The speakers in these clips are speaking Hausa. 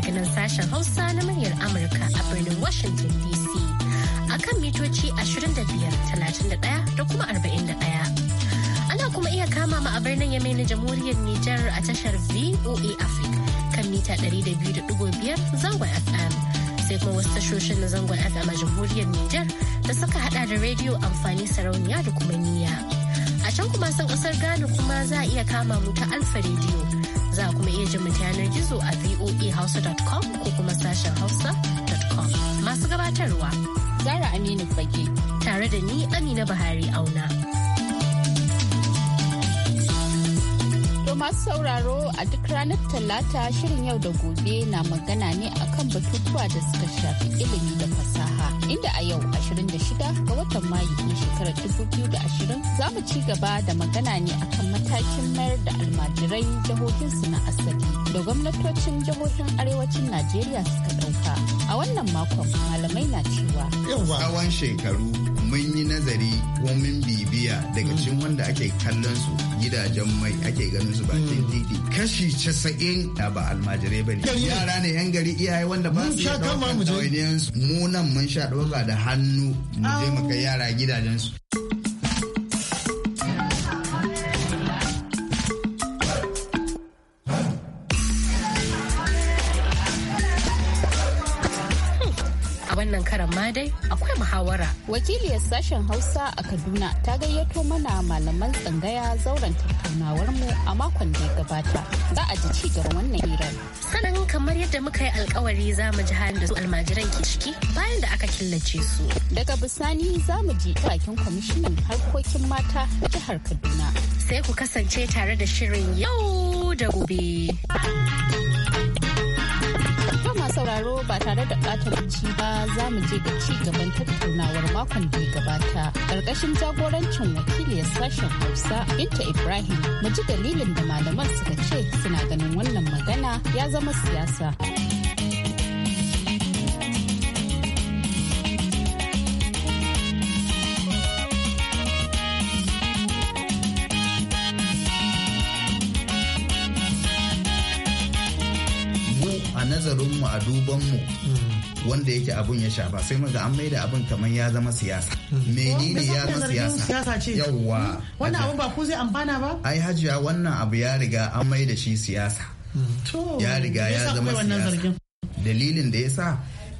daga nan sashen Hausa na muryar Amurka a birnin Washington DC. A kan mitoci 25,31 da kuma 41. Ana kuma iya kama mu a birnin Yamai na Jamhuriyar Nijar a tashar VOA Africa kan mita 200.5 zangon FM. Sai kuma wasu tashoshin na zangon FM a Jamhuriyar Nijar da suka hada da rediyo amfani sarauniya da kuma niyya. can kuma san kasar Ghana kuma za a iya kama mu ta Alfa rediyo Za a kuma iya jin mu ta yanar gizo a voahausa.com ko kuma sashen hausa.com. Masu gabatarwa. Zara Aminu Fage. Tare da ni Amina Buhari Auna. To masu sauraro a duk ranar Talata shirin yau da gobe na magana ne akan batutuwa da suka shafi ilimi da fasaha. inda a yau 26 ga watan Mayu na shekarar 2020 za mu ci gaba da magana ne akan matakin mayar da almajirai jihohinsu na asali da gwamnatocin jihohin arewacin Najeriya suka ɗauka. A wannan makon malamai na cewa. yawan shekaru mun yi nazari ko mun bibiya daga cikin wanda ake kallon su gidajen mai ake ganin su bakin hmm. titi kashi casa'in da ba almajirai ba ne yara ne yan gari iyaye wanda ba su da ɗawainiyansu mu nan mun sha ɗauka da hannu mu je mu kai yara gidajen su. karan ma dai akwai muhawara. Wakiliyar sashen Hausa a Kaduna ta gayyato mana malaman tsangaya zauren tattaunawar mu a makon da ya gabata. Za a ji gaba wannan hirar. Sanan kamar yadda muka yi alkawari za mu ji halin da su almajiran ke ciki bayan da aka killace su. Daga bisani za mu ji bakin kwamishinan harkokin mata a jihar Kaduna. Sai ku kasance tare da shirin yau da gobe. sauraro ba tare da ɓata lokaci ba za mu je ga ci gaban tattaunawar makon da ya gabata ƙarƙashin jagorancin wakiliyar sashen hausa binta ibrahim mu ji dalilin da malaman suka ce suna ganin wannan magana ya zama siyasa. a duban mu wanda yake abun ya shafa sai maga an maida abun kamar ya zama siyasa hmm. menene ya zama siyasa yawwa hmm. wannan abu ba ku zai amfana ba ai hajiya wannan abu ya riga an maida shi siyasa hmm. ya riga ya zama siyasa dalilin da ya sa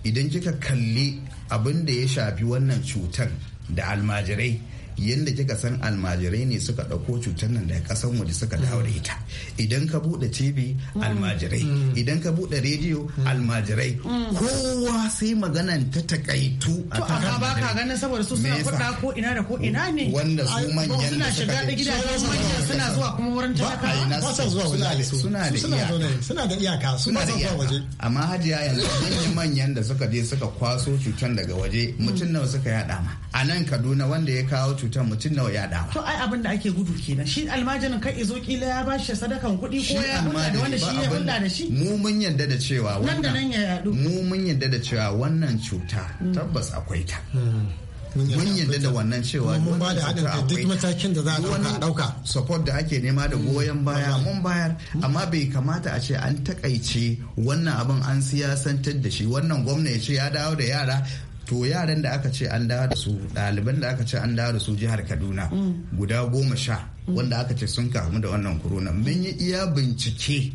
idan kika kalli abin da ya shafi wannan cutar da almajirai yadda kika san almajirai ne suka ɗauko cutar nan daga ƙasar waje suka dawo da ita idan ka buɗe tv mm. almajirai mm. idan ka buɗe rediyo mm. almajirai kowa sai maganan ta takaitu a ta amma ba ka ganin saboda su suna kuɗa ko ina da ko ina ne wanda su manyan da suka da gidajen manyan suna zuwa kuma wurin talakawa suna da iyaka suna da iyaka suna da waje amma hajiya yanzu manyan manyan da suka je suka kwaso cutar daga waje mutum nawa suka yada ma a nan kaduna wanda ya kawo cutar cutar mutum nawa ya dawa. To ai abin da ake gudu kenan shi almajirin kai izo kila ya bashi sadakan kuɗi ko ya hulɗa da wanda shi ya hulɗa da shi. Mu mun yarda da cewa wannan. Nan da nan ya yaɗu. Mu mun yarda da cewa wannan cuta hmm. tabbas akwai ta. Hmm. mun yarda da wannan cewa mun ba da hadin kai duk matakin da za a ɗauka ɗauka support da ake nema da hmm. goyon baya mun bayar amma bai kamata a ce an takaice wannan abin an siyasantar da shi wannan gwamna ya ce ya dawo da yara to yaran da aka ce an dawo da su ɗaliban da aka ce an dawo da su jihar kaduna guda goma sha wanda aka ce sun kamu da wannan corona mun yi iya bincike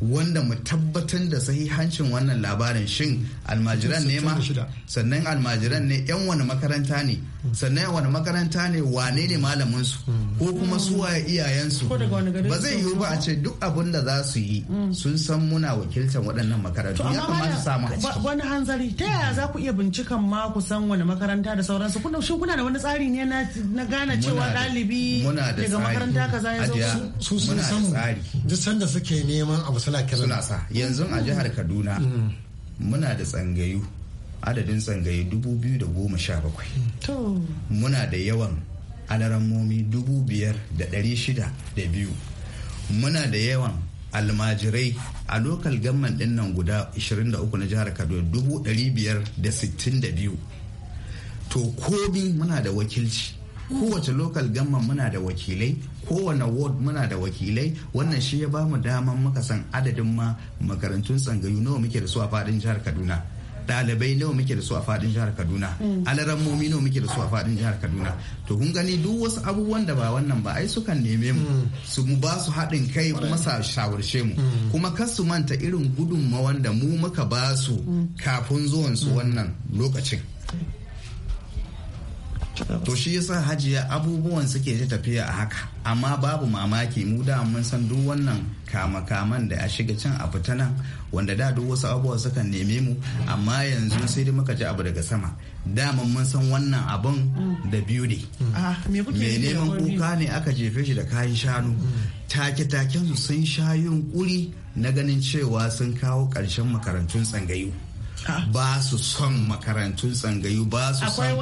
wanda mu tabbatar da sahihancin wannan labarin shin almajiran ne ma sannan almajiran ne yan wani makaranta ne sannan wani makaranta ne wane ne malaminsu su ko kuma suwa iyayensu ba zai yiwu ba a ce duk abin da za su yi mm. sun san muna wakiltar waɗannan makarantu ya kamata samu a ciki wani hanzari ta yaya za ku iya bincikan ma ku san wani makaranta da sauransu kuna shin kuna da wani tsari ne na gane cewa ɗalibi daga makaranta kaza ya zo su sun san duk sanda suke neman abu suna kira yanzu a jihar Kaduna mm. muna da tsangayu adadin tsangaye 2017 hmm, muna da yawan alarammomi 5,602 muna da yawan almajirai a lokal gamman din nan guda 23 na jihar kaduna 562 to komi muna da wakilci kowace lokal gamman muna da wakilai kowane ward muna da wakilai wannan shi ya bamu daman muka san adadin ma makarantun tsangayu nawa muke da su a fadin jihar kaduna Dalibai nawa muke da su a faɗin jihar kaduna mm. alarammomi nawa muke da su a faɗin jihar kaduna to kun gani duk wasu abubuwan da ba wannan ba ai sukan neme mu mm. su mu ba su haɗin kai kuma sa shawarce mu mm. kuma kar su manta irin gudunmawan da mu muka ba su kafin zuwan su wannan lokacin to shi yasa hajiya abubuwan suke ta tafiya a haka amma babu mamaki mu da mun san duk wannan kama-kaman da a shiga can a fita nan wanda da duk wasu abubuwa sukan neme mu amma yanzu sai dai muka ji abu daga sama daman mun san wannan abun da biyu ne mm. ah, me neman kuka ne aka jefe shi da kayan shanu mm. take-taken sun sha kuri na ganin cewa sun kawo ƙarshen makarantun tsangayu Ah. ba su son makarantun tsangayu ba su son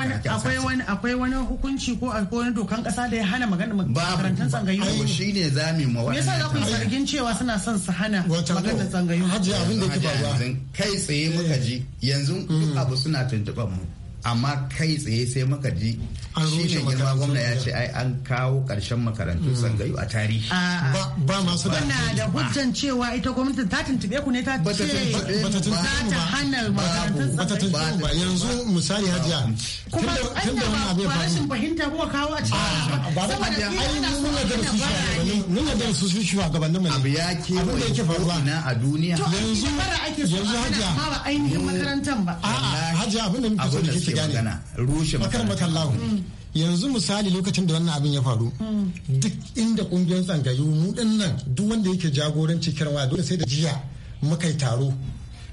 akwai wani hukunci ko akwai wani dokan kasa da ya hana magana makarantun tsangayu ba shi ne za mu ma wannan yasa ku zargin cewa suna son su hana magana tsangayu haji abin da ke ba kai tsaye muka eh. ji yanzu duk mm. abu suna tuntuban mu amma kai tsaye sai maka ji shi ne girma gwamna ya ce ai an kawo ƙarshen makarantu gayu a tarihi ba masu da kuna da hujjan cewa ita gwamnatin ta tuntube ku ne ta ce ta hana makarantun sangayu ba yanzu misali hajiya kuma tun da wani abu ya rashin fahimta ko kawo a cikin ba da hajiya ai nuna da su shugabannin nuna da su shugabannin mai abu ya ke abin da yake faruwa na a duniya yanzu yanzu hajiya ba ainihin makarantar ba a'a hajiya abin da muke so da kike rushe magana rushe mm. yanzu misali lokacin da wannan abin ya faru mm. duk inda kungiyar tsangayu mu nan duk wanda yake jagoranci kirwa dole sai da jiya muka yi taro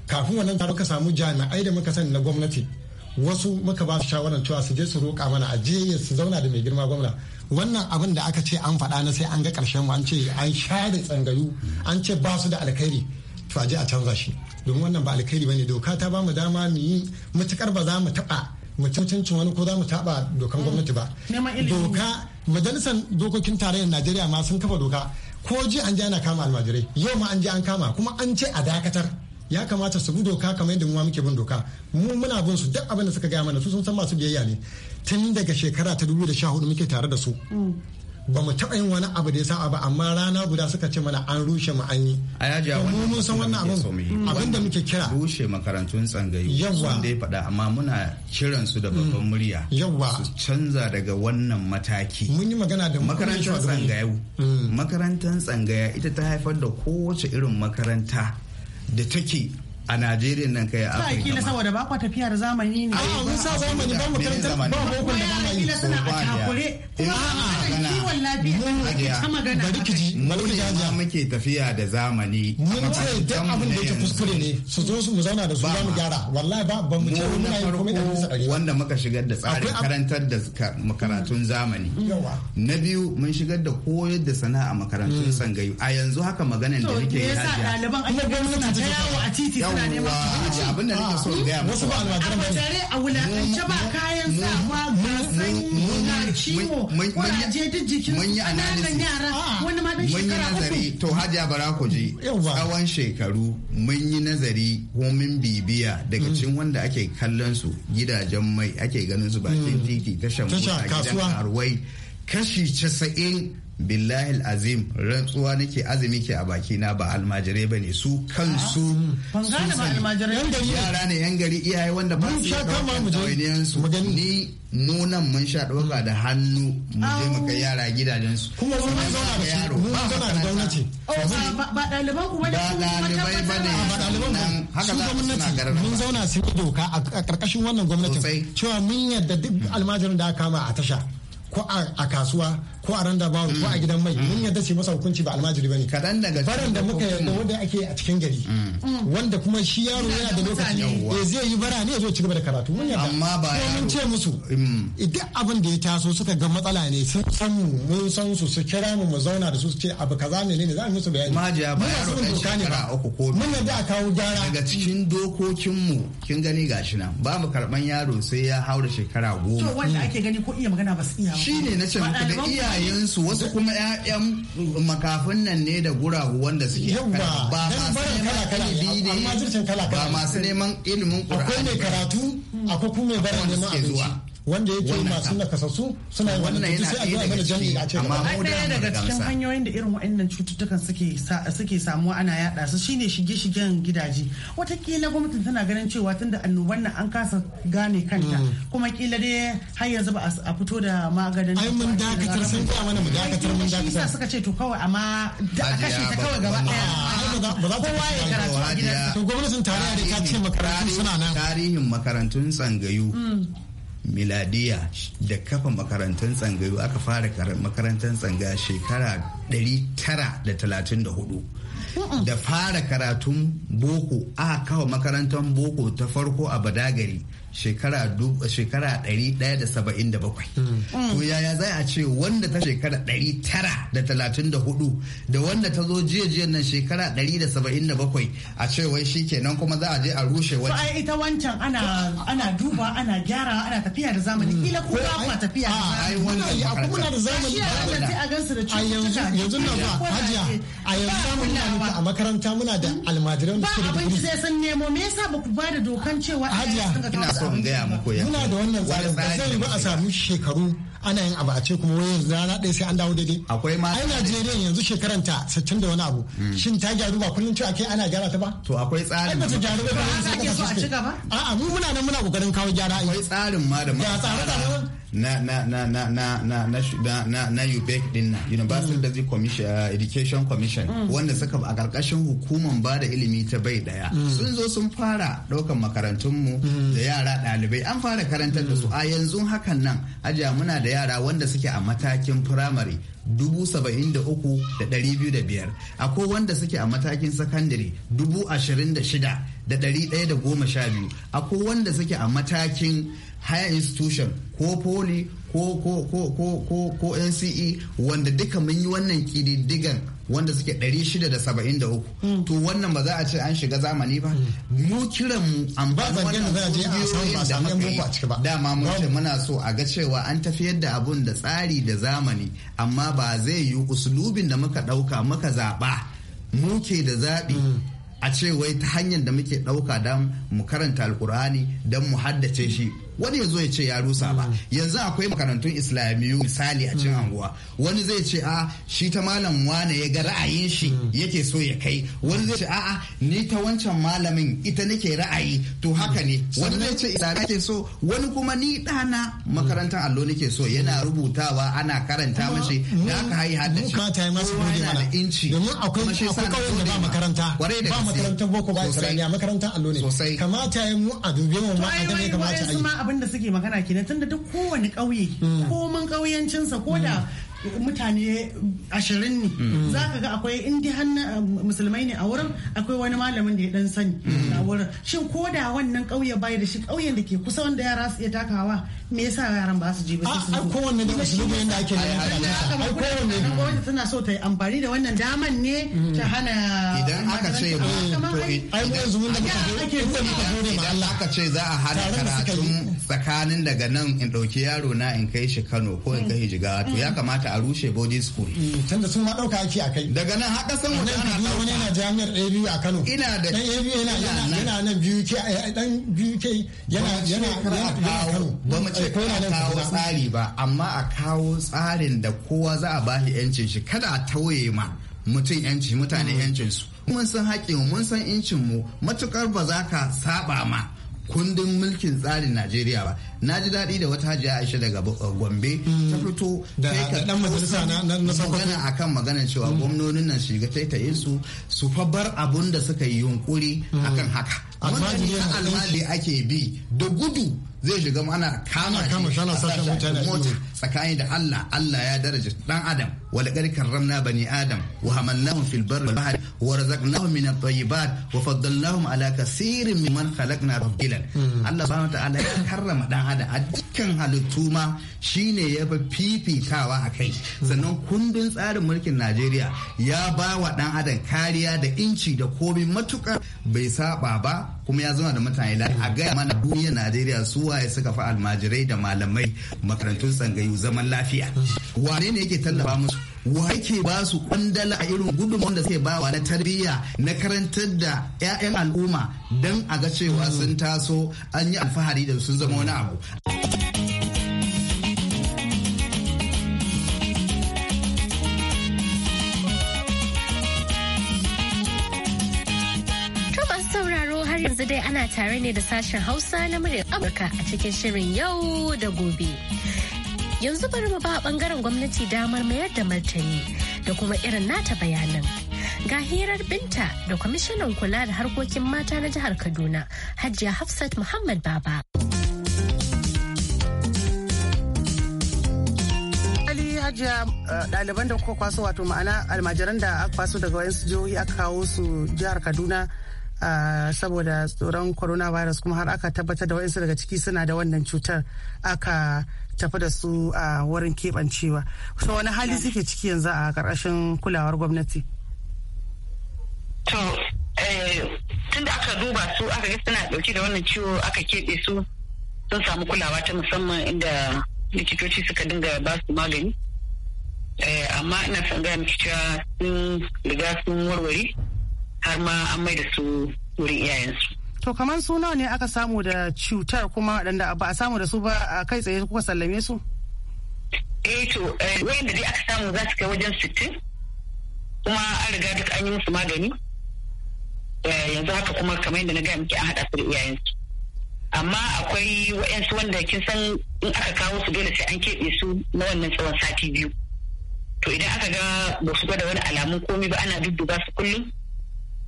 kafin wannan taro ka samu jami'ai da muka sani na gwamnati wasu muka ba su shawarar cewa su je su roƙa mana a jiya su zauna da mai girma gwamna wannan abin da aka ce an faɗa na sai an ga ƙarshen mu an ce an share tsangayu an ce ba su da alkhairi to a a canza shi domin wannan ba alkhairi bane doka ta ba mu dama mu yi matukar ba za mu taba mutuncin wani ko za mu taba dokan gwamnati ba doka majalisar dokokin tarayyar najeriya ma sun kafa doka ko ji an ji ana kama almajirai yau ma an ji an kama kuma an ce a dakatar ya kamata su bi doka kamar yadda mu muke bin doka mu muna bin su duk abin da suka gaya mana su sun san masu biyayya ne tun daga shekara ta 2014 muke tare da su mm. ba mu taɓa yin wani abu da ya sa'a ba amma rana guda suka ce mana an rushe mu an yi a yaji a wannan mun san wannan abin abin da muke kira rushe makarantun tsangayu yawa da ya faɗa amma muna kiran su da babban mm. murya yawa su canza daga wannan mataki mun yi magana da makarantar tsangayu mm. makarantar tsangaya ita ta haifar da kowace irin makaranta da take a Najeriya nan kai a Afirka. ma. kila saboda ba kwa tafiya da zamani ne. A mun sa zamani ba mu karanta ba boko da zamani. Kila suna a takure. Kuma zaman lafiya ake ta magana bari ki ji muke tafiya da zamani mun ce duk abin da yake kuskure ne su zo su mu zauna da su za mu gyara wallahi ba ban mu ce yin komai da wanda muka shigar da tsarin karantar da makarantun zamani na biyu mun shigar da koyar da sana'a makarantun hmm. sangayu a yanzu haka maganan da nake yi hajiya ɗaliban ake gwamnati ta yawo a titi neman nake so a wulakance ba kayan sawa ba sanyi na ciwo kuraje duk jiki cikin mun yi analysis ah. wani ma dan to hajiya bara ku ji tsawon shekaru mun yi nazari ko min bibiya daga mm. cikin wanda ake kallon su gidajen mai ake ganin su bakin mm. titi tashan mota gidan kashi casa'in billahi azim rantsuwa nake azumi ke a baki na ba almajirai ba ne su kansu ah, yara ne yan gari iyaye wanda ba su ya ɗaukan su ni nunan mun sha ɗauka da hannu mu je mu kai yara su. kuma mun zauna da yaro ba zauna da gwamnati ba ɗaliban kuma da ɗalibai ba ne ba nan haka za mu suna garar mun zauna sai doka a ƙarƙashin wannan gwamnatin cewa mun yadda duk almajirin da aka kama a tasha ko a kasuwa ko a randa bawo ko a mm. gidan mai mm. mun yadda ce masa hukunci ba almajiri bane kadan daga baran da muka yadda wanda ake a cikin gari mm. wanda kuma shi yaro yana da lokaci ya eh, zai yi bara ne zo cigaba da karatu mun yadda amma ba mun ce musu idan abin da ya taso suka ga matsala ne sun san mu mun san su su kira mu mu zauna da su su ce abu kaza ne ne za mu musu bayani majiya ba yaro dan shekara uku ko mun yadda a kawo gyara daga cikin dokokin mu kin gani gashi nan ba mu karban yaro sai ya haura shekara goma to wanda ake gani ko iya magana ba su iya shi ne na ce maka da iyayensu wasu kuma ƴaƴan makafin nan ne da guragu wanda suke ba masu neman ilimi ne ba masu neman ilimin ƙur'ani akwai mai karatu akwai kuma mai bara neman abinci wanda yake masu nakasassu suna yin wannan cutu sai a zuwa mana a ce amma mu da daga cikin hanyoyin da irin waɗannan cututtukan suke suke samuwa ana yada su shine shige-shigen gidaje watakila gwamnatin tana ganin cewa tunda annoban nan an kasa gane kanta mm. kuma kila dai har yanzu ba a fito da maganin ai mun dakatar sun ga mana mu dakatar mun dakatar suka ce to kawai amma da kashe ta kawai gaba daya kowa ya karatu a gidansa to gwamnatin tarayya da ta ce makarantun suna nan tarihin makarantun tsangayu mm. miladiya da kafa makarantun tsangayu aka fara makarantar tsanga shekara 934 da fara karatun boko aka kawo makarantar boko ta farko a badagari shekara shekara 177 hmm. to yaya za a ce wanda ta shekara 934 da wanda ta zo jiya-jiyan nan shekara 177 a ce wai shi kenan kuma za a je a rushe wani. ai ita wancan ana duba ana gyara ana tafiya da zamani hmm. kila ko ba tafiya da zamani a kuma da zamani a yanzu yanzu na ba hajiya a yanzu na ba a makaranta muna da almajiran da suke da ba abinci zai san nemo me yasa ba ku ba da dokan cewa hajiya so in gaya muku yanzu muna da wannan tsarin da zai yi ba a samu shekaru ana yin abu a ce kuma wayan rana ɗaya sai an dawo daidai akwai ma ai Najeriya yanzu shekaran ta 60 da wani abu hmm. shin ta gyaru ba kullum cewa kai ana gyara ta ba to akwai tsarin ai ba ta gyaru ba ba a ci gaba a'a mu muna nan muna kokarin kawo gyara akwai tsarin ma da ma tsare tsare na na na na na na na na na UBEC din na Universal mm. uh, Education Commission mm. wanda suka a karkashin hukuman ba da ilimi ta bai daya mm. sun zo sun fara daukan makarantunmu. da yara dalibai an fara karantar da su a yanzu hakan nan ajiya muna da yara wanda suke a matakin primary dubu saba'in da uku da ɗari biyu da biyar akwai wanda suke a matakin sakandare dubu ashirin da shida da ɗari ɗaya da goma sha biyu akwai wanda suke a matakin higher institution ko poli ko ko ko ko ko ko nce wanda duka mun yi wannan kididdigan wanda suke 673 mm. to wannan ba za a ce an shiga zamani ba mm. mu kiran mu an ba wannan kungiyoyin dama mun ce muna so a ga cewa an tafiyar da abun da tsari da zamani amma ba zai yi usulubin da muka dauka muka zaba mu ke da zabi mm. a ce wai ta hanyar da muke dauka don mu karanta alkur'ani don mu haddace shi wani ya zo ya ce ya rusa ba hmm. yanzu akwai makarantun islamiyu misali a cin hmm. anguwa wani zai ce a ah, shi ta malam wane ya ga ra'ayin shi hmm. yake so ya kai wani zai ce a ni ta wancan malamin ita nake ra'ayi to haka ne wani zai ce islamiya ke so wani kuma ni dana makarantar allo nake so yana rubutawa ana karanta mashi da aka haihu da shi kuma ta yi masa gode mana inci domin akwai akwai kawai da ba makaranta ba makarantar boko ba islamiya makarantar allo ne kamata ya mu a dubi mu ma a gane kamata a yi abin da suke magana kenan tunda duk kowane ƙauye hmm. komin ƙauyencinsa ko da hmm. mutane ashirin ne mm. za ka ga akwai indi hannun um, musulmai ne a wurin akwai wani malamin da ya dan sani mm. a wurin shin ko da wannan ƙauye bai da shi ƙauyen da ke kusa wanda yara su iya takawa me yasa yaran ba su je ba su ai kowanne da musulmi yanda ake da ai kowanne gwamnati tana so ta yi amfani da wannan daman ne mm. ta hana idan aka ce ai mu yanzu mun da muka gode ma Allah aka ce za a hada karatun tsakanin daga nan in dauki yaro na in kai shi Kano ko in kai shi Jigawa to ya kamata kamata rushe boarding school mm, tunda sun ma ɗauka ake kai. daga nan haka kasan waje ana ɗauka. wani yana jami'ar ABU a Kano ina da dan ABU eh, eh, yana yana nan biyu ke dan biyu ke yana yana yana Kano ba mu ce eh, kawo tsari ba amma a kawo tsarin da kowa za a bashi yancin shi kada a tauye ma mutum yanci mutane yancin mm. su mun san haƙƙin mun san incin mu matuƙar ba za ka saba ma kundin mulkin tsarin Najeriya ba na ji daɗi da wata hajiya Aisha daga uh, Gombe ta mm. fito da dan majalisa na magana akan magana cewa mm. gwamnonin nan shiga taitayin su su fa bar abun da suka yi yunkuri mm. akan haka wannan almadi ake bi da gudu zai shiga ana kama kama shi ana sashen mota tsakani da Allah Allah ya daraja dan adam wa laqad karramna bani adam wa hamalnahum fil barri wal bahri wa razaqnahum min at-tayyibat wa faddalnahum ala kaseerin mimman khalaqna tafdilan hmm. Allah subhanahu wa ta'ala ya karrama dan adam a dukkan halittu ma shine ya fi fifitawa a kai sannan kundin tsarin mulkin Najeriya ya ba wa dan adam kariya da inci da komai matukar bai saba ba kuma ya zama da mutane lafiya a gaya mana duniyar najeriya su waye suka fi almajirai da malamai makarantun tsangayu zaman lafiya wane ne yake tallafa musu wa yake ba su kwandala a irin gudunmawar da suke bawa na tarbiyya na karantar da 'ya'yan al'umma don a ga cewa sun taso an yi alfahari da sun zama wani abu. yanzu dai ana tare ne da sashen Hausa na muryar Amurka a cikin shirin yau da gobe. Yanzu bari mu ba bangaren gwamnati damar mayar da martani da kuma irin nata bayanan. Ga hirar binta da kwamishinan kula da harkokin mata na jihar Kaduna, Hajiya Hafsat Muhammad Baba. hajiya eh, ɗaliban da kuka kwaso wato ma'ana almajiran da aka kwaso daga wayansu jihohi aka kawo su jihar kaduna saboda tsoron coronavirus kuma har aka tabbatar da waɗansu daga ciki suna da wannan cutar aka tafi da su a wurin keɓancewa so wani hali suke ciki yanzu a ƙarƙashin kulawar gwamnati to eh, tun aka duba su aka ga suna ɗauke da wannan ciwo aka keɓe su sun samu kulawa ta musamman inda likitoci suka dinga ba su magani eh, amma ina son gaya miki cewa sun riga sun warware har ma an mai da su wurin iyayensu. To kamar su nawa ne aka samu da cutar kuma waɗanda ba a samu da su ba a kai tsaye kuka sallame su? Eh to eh, wayanda dai aka samu za su kai wajen sittin kuma an riga duk an yi musu magani. Eh, yanzu haka kuma kamar yadda na gaya muke an haɗa su da iyayensu. Amma akwai wayansu wanda kin san in aka kawo su dole sai an keɓe su na wannan tsawon sati biyu. To idan aka ga ba su gwada wani alamun komi ba ana dudduba su kullum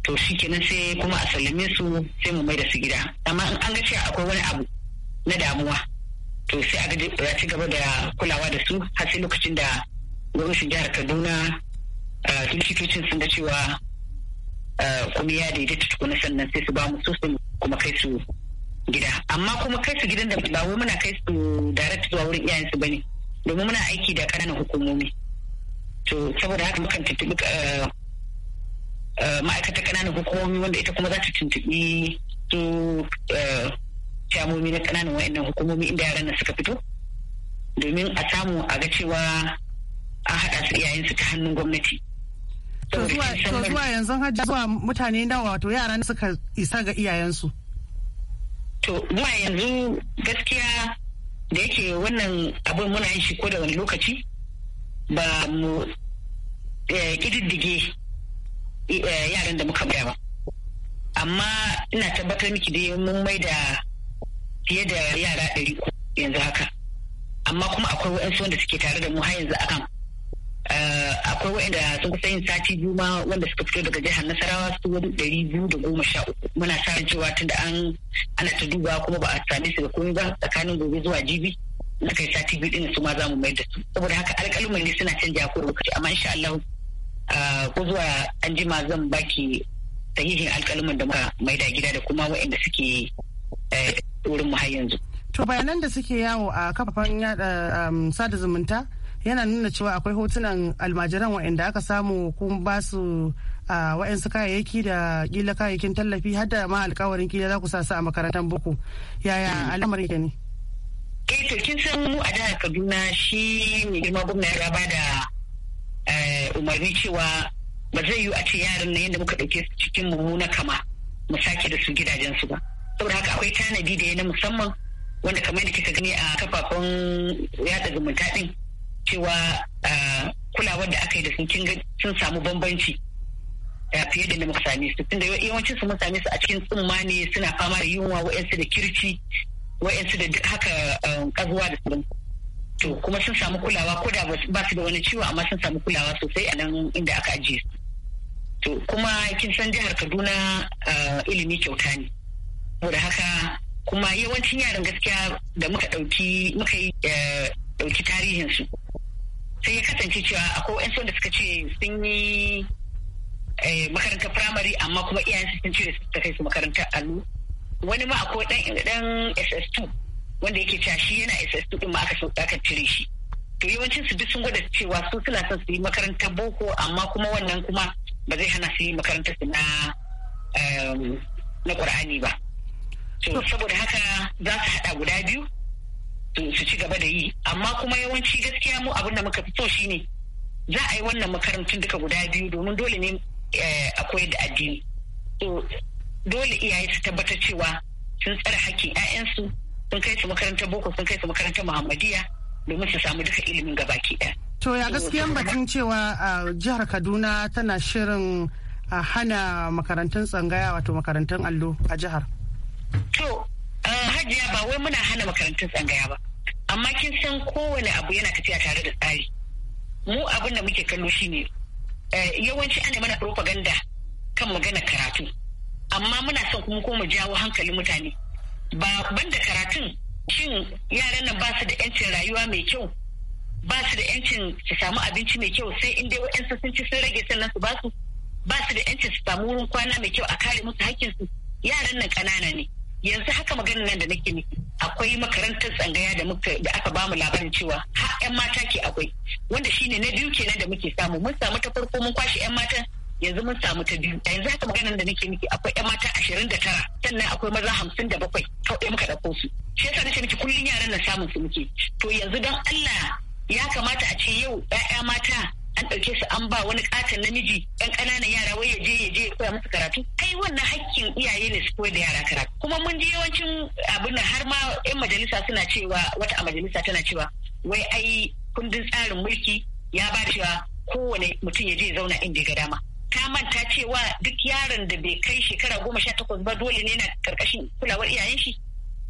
to shi kenan sai kuma a sallame su sai mu mai da su gida amma an ga cewa akwai wani abu na damuwa to sai a ci gaba da kulawa da su har sai lokacin da gwamnatin jihar kaduna likitocin sun ga cewa kuma ya daidaita tukuna sannan sai su ba mu su kuma kai su gida amma kuma kai su gidan da ba wai muna kai su direct zuwa wurin iyayen su bane domin muna aiki da kananan hukumomi to saboda haka mukan tuntuɓi Eh, ma'aikatar ƙananan hukumomi wanda ita kuma za ta tuntuɓi su eh, camomi na ƙananan wa'annan hukumomi inda yaran nan suka fito domin a samu a ga cewa an haɗa su iyayensu ta hannun gwamnati. To zuwa yanzu hajji zuwa mutane nawa wato yaran suka isa ga iyayensu. To zuwa yanzu gaskiya da yake wannan abin muna yin shi ko da wani lokaci ba mu eh, ƙididdige Eh, yaran da muka ba amma ina tabbatar miki da mun mai da fiye da yara ɗari yanzu haka amma kuma akwai wa'ansu wanda suke tare da mu har yanzu akan eh, akwai wa'anda sun kusa yin sati biyu ma wanda suka fito daga jihar nasarawa su wani ɗari biyu da goma sha uku muna sa cewa tun da an ana ta duba kuma ba a same su da komai ba tsakanin gobe zuwa jibi na kai sati biyu ɗin su ma za mu mai da su saboda haka alƙalumai ne suna canja ko lokaci amma insha Allah Eh, ko zuwa an jima zan baki sahihin alkalman da muka maida gida da kuma waɗanda suke eh, wurin mu har yanzu. To bayanan da suke yawo a kafafen yada um, sada zumunta yana nuna cewa akwai hotunan almajiran waɗanda aka samu kun ba su waɗansu kayayyaki da kila kayayyakin tallafi har da ma alkawarin kila za ku sa su a makarantar boko yaya hmm. al'amarin ke ne. Eh to kin san mu a jihar Kaduna shi ne girma gwamna ya ba da Eh, umarni cewa ba zai yiwu a ce yaran na yadda muka ɗauke su cikin mummuna kama mu sake da su gidajensu ba saboda haka akwai tanadi da ya na musamman wanda kamar yadda kika gani a kafafen yada zumunta din cewa eh, kulawar da aka yi da sun sun samu bambanci eh, fiye da na muka same su tunda yawancin su mun same su a cikin tsumma ne suna fama da yunwa wa'yansu da kirci wa'yansu da haka kazuwa da sauransu to kuma sun samu kulawa ko da ba su da wani ciwo amma sun samu kulawa sosai a nan inda aka ajiye su to kuma kin san jihar kaduna ah, ilimi kyauta ne saboda haka kuma yawancin yaran gaskiya da muka dauki muka yi dauki eh, tarihin su sai ya kasance cewa akwai wa'ansu da suka ce sun yi eh, makarantar firamare amma kuma su sun cire su kai su makarantar allo wani ma akwai dan ss2 wanda yake cewa shi yana SS2 din ma aka cire shi to yawancin su duk sun gwada cewa su suna son su yi makaranta boko amma kuma wannan kuma ba zai hana su yi makarantar su na ehm, na Qur'ani ba to saboda haka za su haɗa guda biyu su ci gaba da yi amma kuma yawanci gaskiya mu abin da muka fi so shine za a yi wannan makarantun duka guda biyu domin dole ne eh, a koyar da addini to dole iyaye su tabbatar cewa sun tsare hakkin 'ya'yansu sun kai su makarantar boko sun kai su makarantar muhammadiya domin su samu duka ilimin gabaki ɗaya. to ya gaskiyan batun cewa jihar kaduna tana shirin hana makarantun tsangaya wato makarantun allo a jihar. to hajiya ba wai muna hana makarantun tsangaya ba amma kin san kowane abu yana tafiya tare da tsari mu abin da muke kallo shine yawanci ana mana propaganda kan magana karatu amma muna son kuma kuma jawo hankalin mutane ba da karatun shin yaran nan ba su da yancin rayuwa mai kyau ba su da yancin su samu abinci mai kyau sai in dai wa'yansu sun ci sun rage sannan su ba su ba su da yancin su samu wurin kwana mai kyau a kare musu hakkin su yaran nan kanana ne yanzu haka maganin nan da nake miki akwai makarantar tsangaya da muka da aka bamu labarin cewa har yan mata ke akwai wanda shine na biyu kenan da muke samu mun samu ta farko mun kwashe yan mata yanzu mun samu ta biyu yanzu haka maganar da nake miki akwai yan mata ashirin da tara sannan akwai maza hamsin da bakwai kawai muka ɗauko su shi yasa nake miki kullum yaran nan samun su muke to yanzu don Allah ya kamata a ce yau 'ya'ya mata an ɗauke su an ba wani ƙaton namiji ɗan ƙananan yara wai ya je ya je ya koya musu karatu ai wannan hakkin iyaye ne su koyar da yara karatu kuma mun ji yawancin abin nan har ma 'yan majalisa suna cewa wata a majalisa tana cewa wai ai kundin tsarin mulki ya ba cewa kowane mutum ya je ya zauna inda ya ga dama ta manta cewa duk yaron da bai kai shekara goma sha takwas ba dole ne na karkashin kulawar iyayen shi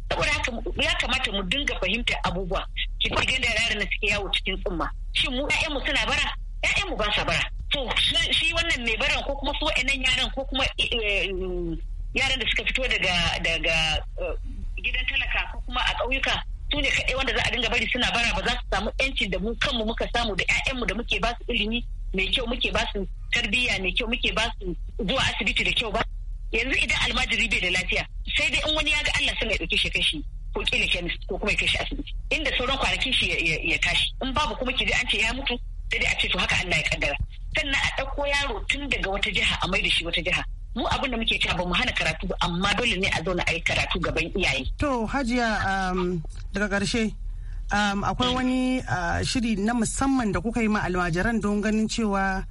saboda haka ya kamata mu dinga fahimtar abubuwa ki ga da yaran da suke yawo cikin tsumma shin mu ƴaƴanmu suna bara ƴaƴanmu ba sa bara to shi wannan mai baran ko kuma su wa'annan yaran ko kuma eh, mm, yaran da suka fito daga daga eh, gidan talaka ko kuma a ƙauyuka su ne kaɗai wanda za a dinga bari suna bara ba za su samu yancin da mu kanmu muka samu da 'ya'yanmu da muke ba su ilimi mai kyau muke ba su tarbiyya mai kyau muke ba su zuwa asibiti da kyau ba yanzu idan almajiri bai da lafiya sai dai in wani ya ga Allah sai ya dauke shi kashi ko kila chemist ko kuma ya kai shi asibiti inda sauran kwanakin shi ya tashi in babu kuma ki an ce ya mutu sai dai a ce to haka Allah ya kaddara sannan a ɗauko yaro tun daga wata jiha a mai da shi wata jiha mu abin da muke cewa ba mu hana karatu amma dole ne a zauna a yi karatu gaban iyaye. To Hajiya um, daga ƙarshe Um, akwai wani uh, shiri na musamman da kuka yi ma almajiran don ganin cewa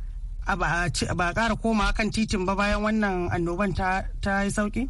ba a ƙara koma kan titin ba bayan wannan annoban ta yi sauki?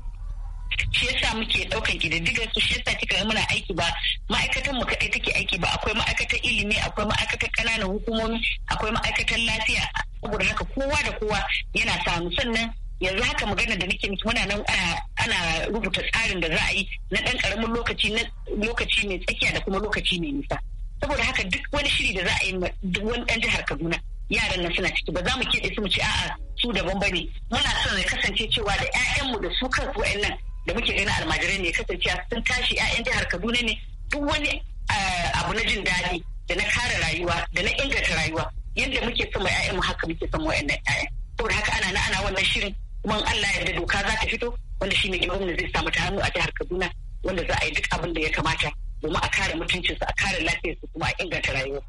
shi yasa muke daukan kididdigar su shi yasa kika muna aiki ba ma'aikatan mu kadai take aiki ba akwai ma'aikatan ilimi akwai ma'aikatan kananan hukumomi akwai ma'aikatan lafiya saboda haka kowa da kowa yana samu sannan yanzu haka magana da nake miki muna nan eh, ana rubuta tsarin da za a yi na ɗan ƙaramin lokaci na lokaci mai tsakiya da kuma lokaci mai nisa saboda haka duk wani shiri da za a yi duk wani ɗan jihar Kaduna yaran nan suna ciki ba za mu keɓe su mu ce a'a su daban ba ne muna son ya kasance cewa da 'ya'yanmu da su kansu wa'annan da muke ganin almajirai ne kasance sun tashi 'ya'yan jihar Kaduna ne duk wani eh, abu na jin daɗi da na kare rayuwa da na inganta rayuwa yadda muke son wa 'ya'yanmu haka muke son wa'annan ƴa'ƴan saboda haka ana na ana wannan shirin kuma in Allah yarda doka za ta fito wanda shi ne da zai samu mata hannu a jihar Kaduna wanda za a yi duk abin da ya kamata domin a kare mutuncin su a kare lafiyar su kuma a inganta rayuwa.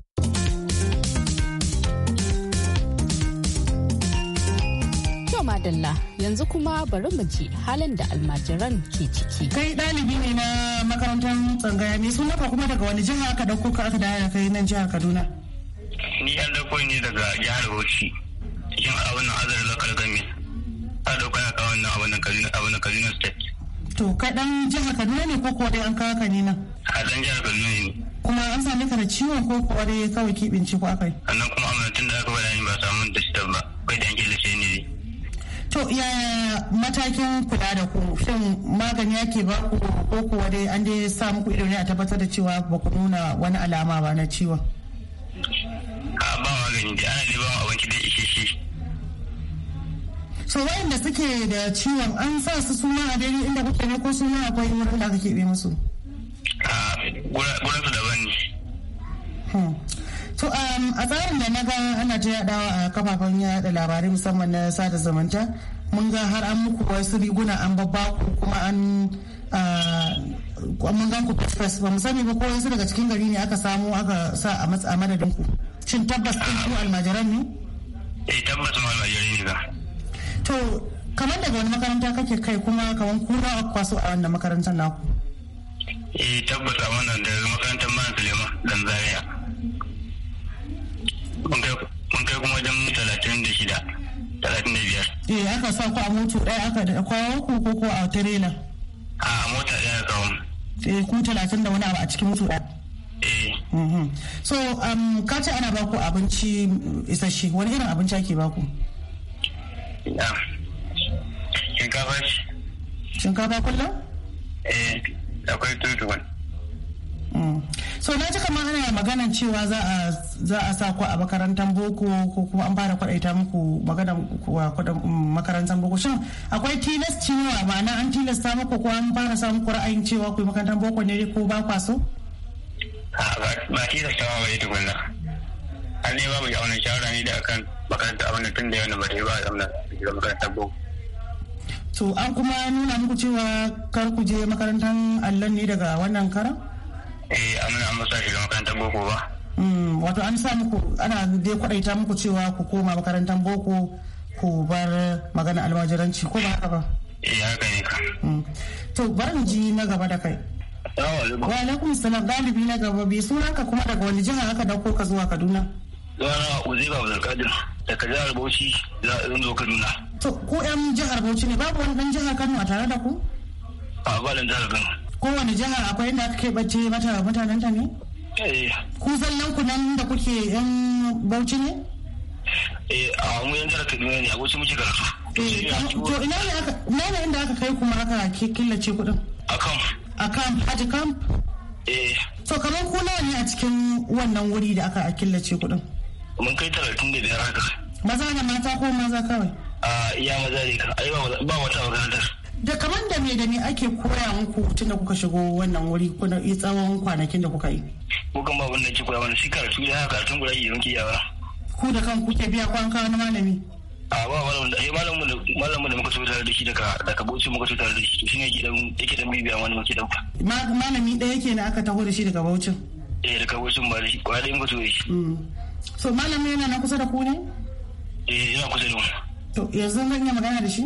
madalla yanzu kuma bari mu ji halin da almajiran ke ciki. Kai ɗalibi ne na makarantar tsangaya mai suna ka kuma daga wani jiha aka dauko ka aka dawo kai nan jiha Kaduna. Ni an dauko ne daga jihar Bauchi cikin abin azar lokal gamin. ta dauka ya kawo wannan abin Kaduna abin Kaduna state to kaɗan jihar Kaduna ne ko kuwa dai an kawo Kaduna a dan jihar Kaduna ne kuma an sami ka da ciwon ko ko dai kawai ki binciko akai sannan kuma amanatin da aka bada ni ba samu da shi ba kai da yanke lace ne to ya matakin kula da ku shin magani yake ba ku ko kuwa dai an dai sa muku ido ne a tabbatar da cewa ba ku nuna wani alama ba na ciwon a ba magani da ana ne ba abinci da ishe shi so wayanda suke da ciwon an sa su suna a daidai inda kuke ne ko suna akwai wurin da aka keɓe musu wurin daban ne hmm. to um, a tsarin da na ga ana ta yadawa a kafafen yada labarai musamman na sada zamanta mun ga har an muku wasu riguna an babba ku kuma an mun gan ku fes ba mu ba ko su daga cikin gari ne aka samu aka sa a madadin ku shin tabbas ɗin ku almajiran ne eh tabbas almajiran ne ba to kamar daga wani makaranta kake kai kuma kamar kura a kwaso a wannan makarantar naku eh tabbata mana da makarantar man sulema dan zaria mun kai kuma wajen talatin da shida talatin da biyar eh aka sa ku a moto ɗaya aka kawo ku ko ko a tirela a mota ɗaya kawo eh ku talatin da wani abu a cikin moto ɗaya eh. mhm. so um, ka ce ana baku abinci isasshe wani irin abinci ake baku Shinkafa shi. Shinkafa kullum? Eh, akwai tutuwan. Mm. So na ji kamar ana maganan cewa za a sa ku a makarantar boko ko kuma an fara kwaɗaita muku maganan kuɗin mm, makarantar boko shin akwai tilas yawa ma'ana an tilasta muku ko an fara sa muku ra'ayin cewa ku makarantar boko ne ko ba kwaso? so? Ba tilasta ba wai tukunna. an ne babu yawon shawara ne da akan makaranta abin da tun da yawon bare ba a da makaranta boko. to an kuma nuna muku cewa kar ku je makarantar allon ne daga wannan karan? eh amina an musa shiga makarantar boko ba. Hmm, wato an sa muku ana dai kwadaita muku cewa ku koma makarantar boko ku bar magana almajiranci ko ba haka ba. eh haka ne ka. Hmm. to bari ji na gaba da kai. Wa alaikum salam galibi na gaba bai sunanka kuma daga wani jiha aka dauko ka zuwa Kaduna. Zuwa Uzaiba Abdulkadir daga jihar Bauchi zan zo Kaduna. To ku ɗan jihar Bauchi ne babu wani ɗan jihar Kano a tare da ku? A ba ɗan jihar Kano. Kowane jihar akwai inda aka keɓance mata mutanen ta ne? Eh, eh. Ku zallan ku nan da kuke yan Bauchi ne? Eh a mu yan jihar Kaduna ne a Bauchi muke karatu. Eh, to ina ne aka ina ne inda aka kai kuma aka killace kuɗin? A camp. A camp, a camp? Eh. To kamar ku nawa ne a cikin wannan wuri da aka killace kuɗin? mun kai talatin da biyar haka maza da mata ko maza kawai a iya maza ne kan ba wata makarantar da kaman da me da me ake koya muku tun da kuka shigo wannan wuri kuna yi tsawon kwanakin da kuka yi kukan ba wanda ke koya wani shi karatu da haka karatun guda yi yanki yawa ku da kan kuke biya kwan kawo na malami a ba malamin da eh malamin da muka so tare da shi daga daga Bauchi muka so tare da shi to ne yake dan yake dan bibiya wani muke dauka malami ɗaya kenan aka taho da shi daga Bauchi eh daga Bauchi ba da shi kwalin muka so da shi mm. so malami yana na kusa da ku ne eh yana kusa da mu to yanzu zan iya magana da shi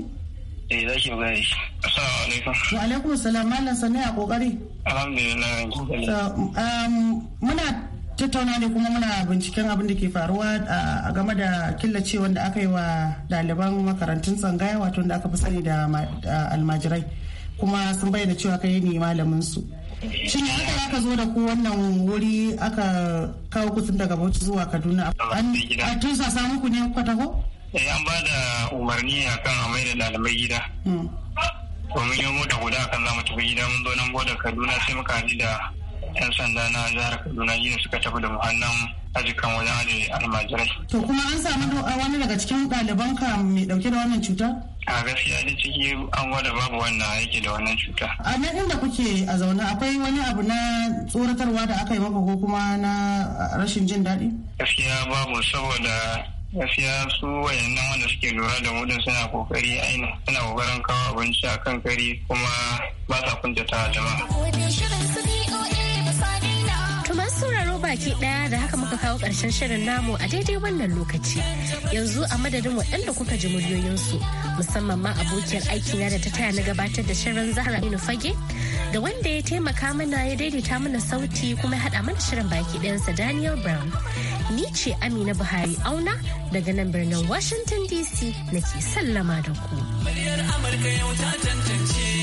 eh za ki magana da shi assalamu alaikum wa alaikum assalam malam sani a kokari alhamdulillah um, muna tattauna ne kuma muna binciken abin da ke faruwa a game da killacewan da aka yi wa ɗaliban makarantun tsangaya wato da aka fi sani da almajirai kuma sun bayyana cewa kai ne malamin su. shi ne aka aka zo da ku wannan wuri aka kawo ku tun daga bauchi zuwa kaduna a tusa samu ku ne kwatago? eh an ba da umarni a kan amai da dalibai gida hmm. to yi mota guda akan za mu tafi gida mun zo nan boda kaduna sai muka haɗu da 'yan sanda na jihar kaduna gini suka tafi da muhannan ajikan wajen ajiye almajirai. to kuma an samu wani daga cikin ɗaliban ka mai ɗauke da wannan cuta? a gaskiya da ciki an gwada babu wanda yake da wannan cuta. a nan inda kuke a zaune akwai wani abu na tsoratarwa da aka yi maka ko kuma na rashin jin daɗi? gaskiya babu saboda gaskiya su wayannan wanda suke lura da mudin suna kokari aina suna kokarin kawo abinci akan kari kuma ba sa ta jama'a. baki ɗaya da haka muka kawo ƙarshen shirin namu a daidai wannan lokaci. Yanzu a madadin waɗanda kuka ji muryoyinsu musamman ma abokiyar aikina da ta taya na gabatar da shirin Zahra Inu Fage da wanda ya taimaka mana ya daidaita mana sauti kuma ya haɗa mana shirin baki ɗayansa Daniel Brown. Ni ce Amina Buhari Auna daga nan birnin Washington DC nake sallama da ku. Amurka yau ta tantance.